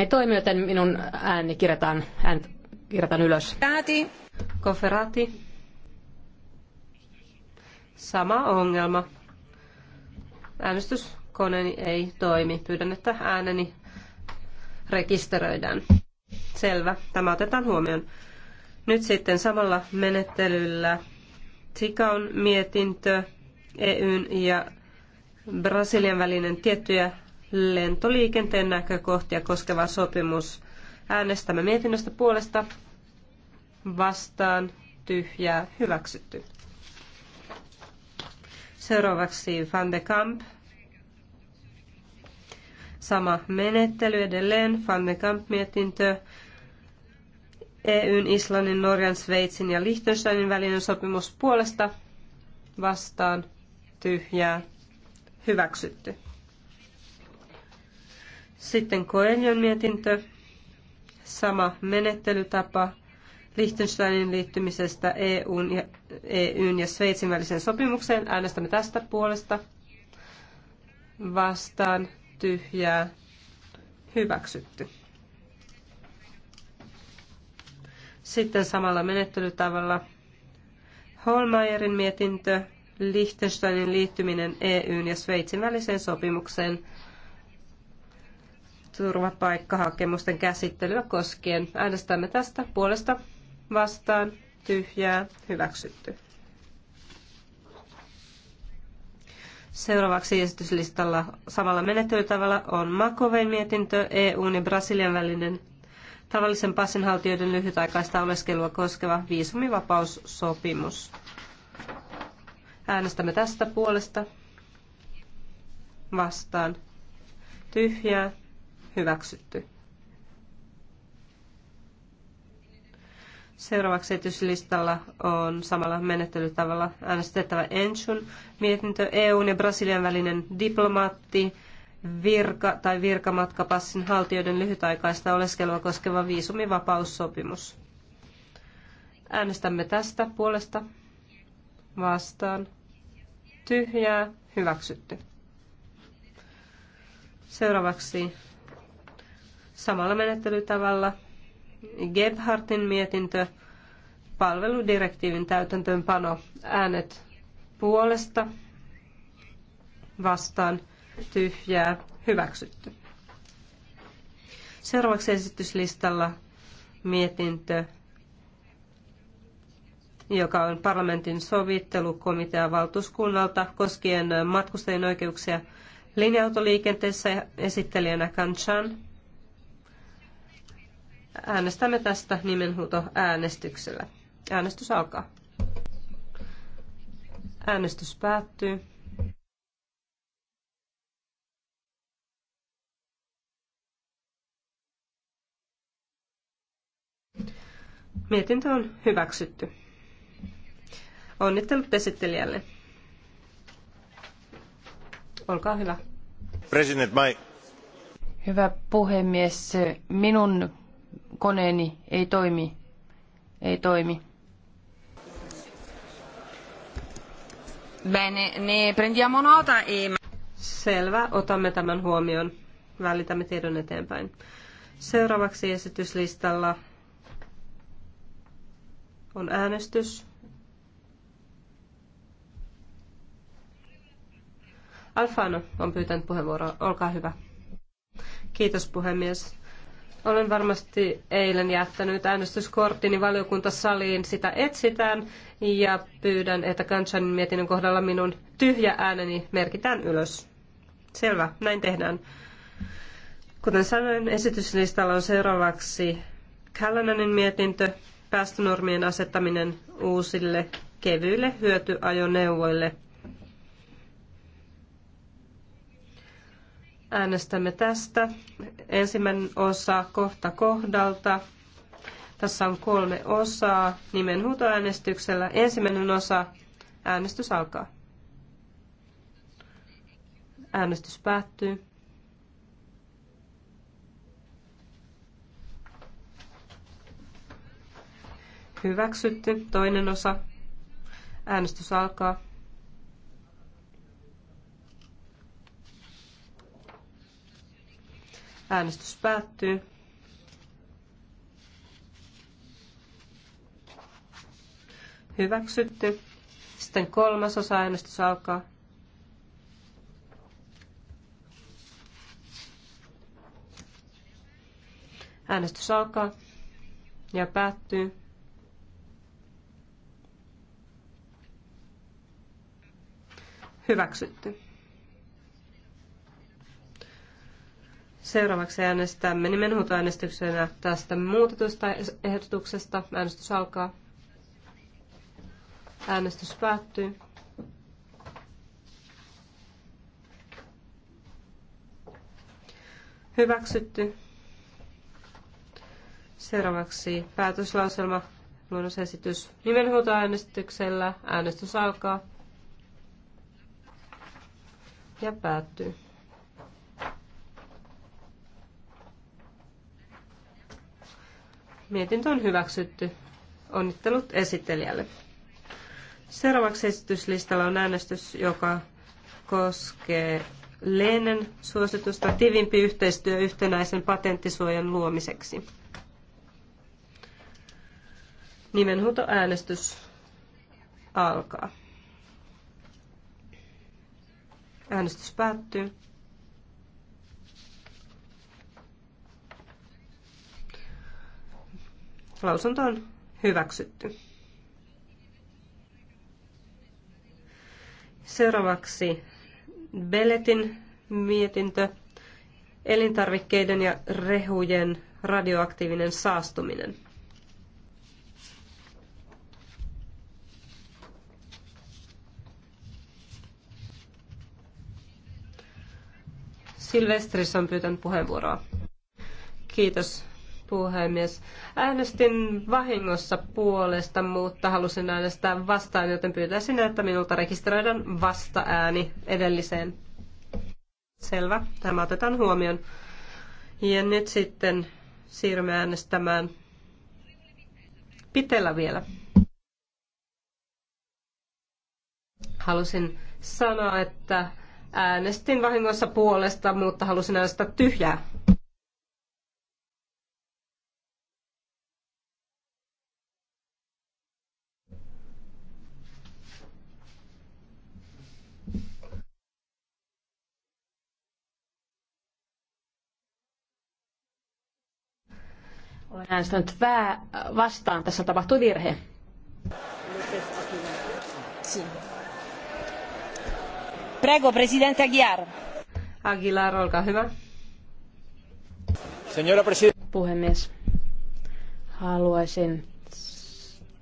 ei toimi, joten minun ääni kirjataan, ääni kirjataan ylös. Tääti. Koferati. Sama ongelma. Äänestyskoneeni ei toimi. Pyydän, että ääneni rekisteröidään. Selvä. Tämä otetaan huomioon. Nyt sitten samalla menettelyllä Tikaun mietintö EUn ja Brasilian välinen tiettyjä lentoliikenteen näkökohtia koskeva sopimus. Äänestämme mietinnöstä puolesta vastaan tyhjää hyväksytty. Seuraavaksi Van de Kamp. Sama menettely edelleen. Van de Kamp-mietintö. EUn, Islannin, Norjan, Sveitsin ja Liechtensteinin välinen sopimus puolesta vastaan tyhjää hyväksytty. Sitten Koelion mietintö, sama menettelytapa Liechtensteinin liittymisestä EUn ja, EUn ja Sveitsin väliseen sopimukseen. Äänestämme tästä puolesta vastaan tyhjää hyväksytty. Sitten samalla menettelytavalla Holmeierin mietintö Liechtensteinin liittyminen EUn ja Sveitsin väliseen sopimukseen turvapaikkahakemusten käsittelyä koskien. Äänestämme tästä puolesta vastaan tyhjää hyväksytty. Seuraavaksi esityslistalla samalla menettelytavalla on Makoven mietintö EUn ja Brasilian välinen tavallisen passinhaltijoiden lyhytaikaista oleskelua koskeva viisumivapaussopimus. Äänestämme tästä puolesta vastaan tyhjää Hyväksytty. Seuraavaksi esityslistalla on samalla menettelytavalla äänestettävä Enchun mietintö EUn ja Brasilian välinen diplomaatti, virka- tai virkamatkapassin haltijoiden lyhytaikaista oleskelua koskeva viisumivapaussopimus. Äänestämme tästä puolesta vastaan. Tyhjää, hyväksytty. Seuraavaksi Samalla menettelytavalla Gebhardin mietintö, palveludirektiivin täytäntöönpano, äänet puolesta, vastaan, tyhjää, hyväksytty. Seuraavaksi esityslistalla mietintö, joka on parlamentin sovittelukomitea valtuuskunnalta koskien matkustajien oikeuksia linja-autoliikenteessä esittelijänä Kanchan. Äänestämme tästä nimenhuuto äänestyksellä. Äänestys alkaa. Äänestys päättyy. Mietintö on hyväksytty. Onnittelut esittelijälle. Olkaa hyvä. President Mai. Hyvä puhemies. Minun koneeni ei toimi. Ei toimi. Bene, ne prendiamo nota e... Selvä, otamme tämän huomioon. Välitämme tiedon eteenpäin. Seuraavaksi esityslistalla on äänestys. Alfano on pyytänyt puheenvuoroa. Olkaa hyvä. Kiitos puhemies. Olen varmasti eilen jättänyt äänestyskorttini valiokuntasaliin. Sitä etsitään ja pyydän, että Kansanin mietinnön kohdalla minun tyhjä ääneni merkitään ylös. Selvä, näin tehdään. Kuten sanoin, esityslistalla on seuraavaksi Callananin mietintö, päästönormien asettaminen uusille kevyille hyötyajoneuvoille – Äänestämme tästä. Ensimmäinen osa kohta kohdalta. Tässä on kolme osaa nimenhuutoäänestyksellä. Ensimmäinen osa. Äänestys alkaa. Äänestys päättyy. Hyväksytty. Toinen osa. Äänestys alkaa. Äänestys päättyy. Hyväksytty. Sitten kolmas osa äänestys alkaa. Äänestys alkaa ja päättyy. Hyväksytty. Seuraavaksi äänestämme nimenhuutoäänestyksenä tästä muutetusta ehdotuksesta. Äänestys alkaa. Äänestys päättyy. Hyväksytty. Seuraavaksi päätöslauselma luonnosesitys nimenhuutoäänestyksellä. Äänestys alkaa ja päättyy. Mietintö on hyväksytty. Onnittelut esittelijälle. Seuraavaksi esityslistalla on äänestys, joka koskee Leenen suositusta tiivimpi yhteistyö yhtenäisen patenttisuojan luomiseksi. Nimenhuutoäänestys alkaa. Äänestys päättyy. Lausunto on hyväksytty. Seuraavaksi Beletin mietintö elintarvikkeiden ja rehujen radioaktiivinen saastuminen. Silvestris on pyytänyt puheenvuoroa. Kiitos puhemies. Äänestin vahingossa puolesta, mutta halusin äänestää vastaan, joten pyytäisin, että minulta rekisteröidään vasta ääni edelliseen. Selvä, tämä otetaan huomioon. Ja nyt sitten siirrymme äänestämään pitellä vielä. Halusin sanoa, että äänestin vahingossa puolesta, mutta halusin äänestää tyhjää. Olen äänestänyt vää vastaan. Tässä tapahtui virhe. Prego, presidente Aguiar. Aguilar, olkaa hyvä. Senora president... Puhemies, haluaisin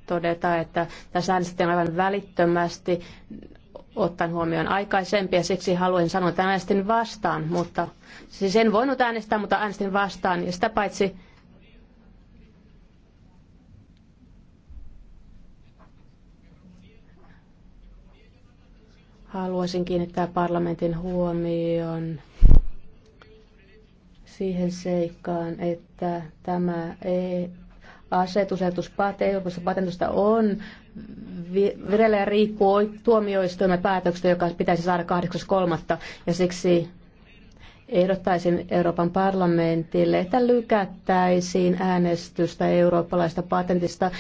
todeta, että tässä äänestettiin aivan välittömästi ottaen huomioon ja siksi haluan sanoa, että äänestin vastaan, mutta siis en voinut äänestää, mutta äänestin vastaan ja sitä paitsi Haluaisin kiinnittää parlamentin huomioon siihen seikkaan, että tämä ei asetusehdotus Euroopassa patentusta on vireillä ja riippuu tuomioistuimen päätöksestä, joka pitäisi saada 8.3. Ja siksi ehdottaisin Euroopan parlamentille, että lykättäisiin äänestystä eurooppalaista patentista,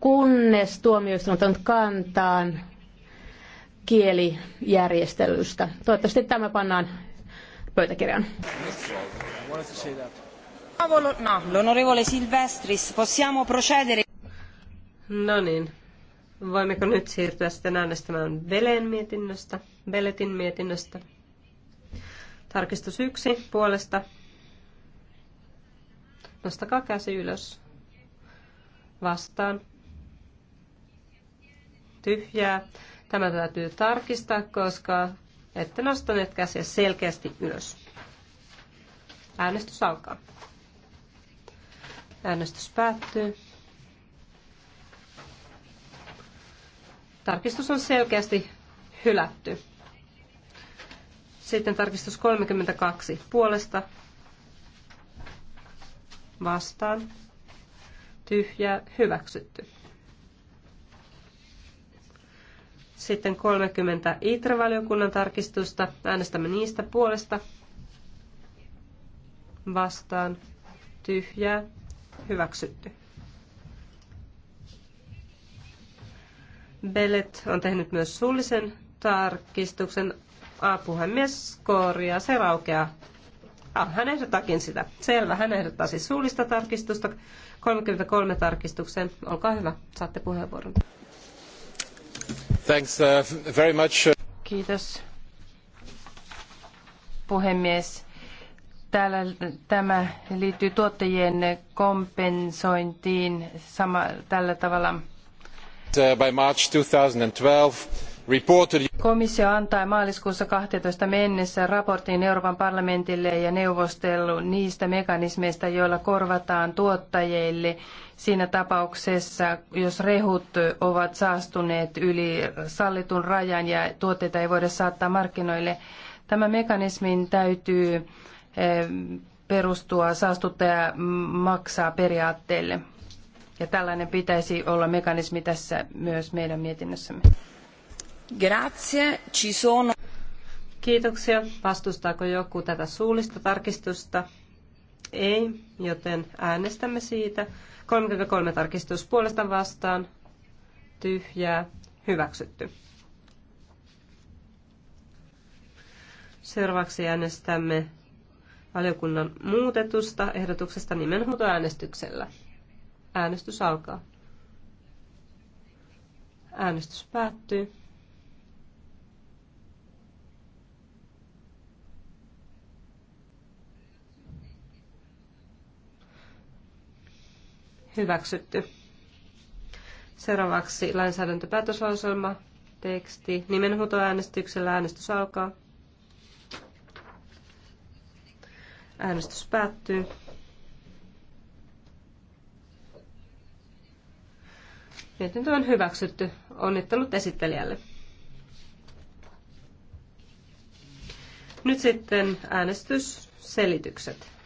kunnes tuomioistuin on kantaan kielijärjestelystä. Toivottavasti tämä pannaan pöytäkirjaan. No, l'onorevole Silvestris, possiamo procedere. No niin, voimmeko nyt siirtyä sitten äänestämään Belen mietinnöstä, Beletin mietinnöstä. Tarkistus yksi puolesta. Nostakaa käsi ylös. Vastaan. Tyhjää Tämä täytyy tarkistaa, koska ette nostaneet käsiä selkeästi ylös. Äänestys alkaa. Äänestys päättyy. Tarkistus on selkeästi hylätty. Sitten tarkistus 32 puolesta. Vastaan. tyhjä hyväksytty. Sitten 30 ITRA-valiokunnan tarkistusta. Äänestämme niistä puolesta. Vastaan. Tyhjää. Hyväksytty. Bellet on tehnyt myös suullisen tarkistuksen. A-puhemies korjaa. Se raukeaa. Ah, hän ehdottaakin sitä. Selvä, hän ehdottaa siis suullista tarkistusta. 33 tarkistukseen. Olkaa hyvä, saatte puheenvuoron. Uh, uh. Kiitos puhemies. Täällä tämä liittyy tuottajien kompensointiin tällä tavalla. Uh, by March 2012 reported Komissio antaa maaliskuussa 12 mennessä raportin Euroopan parlamentille ja neuvostellut niistä mekanismeista, joilla korvataan tuottajille siinä tapauksessa, jos rehut ovat saastuneet yli sallitun rajan ja tuotteita ei voida saattaa markkinoille. Tämä mekanismin täytyy eh, perustua saastuttaja maksaa periaatteelle. Ja tällainen pitäisi olla mekanismi tässä myös meidän mietinnössämme. Grazie, ci sono... Kiitoksia. Vastustaako joku tätä suullista tarkistusta? Ei, joten äänestämme siitä. 33 tarkistus puolesta vastaan. Tyhjää. Hyväksytty. Seuraavaksi äänestämme valiokunnan muutetusta ehdotuksesta nimenhuutoäänestyksellä. Äänestys alkaa. Äänestys päättyy. hyväksytty. Seuraavaksi lainsäädäntöpäätöslauselma, teksti, nimenhuutoäänestyksellä äänestys alkaa. Äänestys päättyy. Mietintö on hyväksytty. Onnittelut esittelijälle. Nyt sitten äänestysselitykset.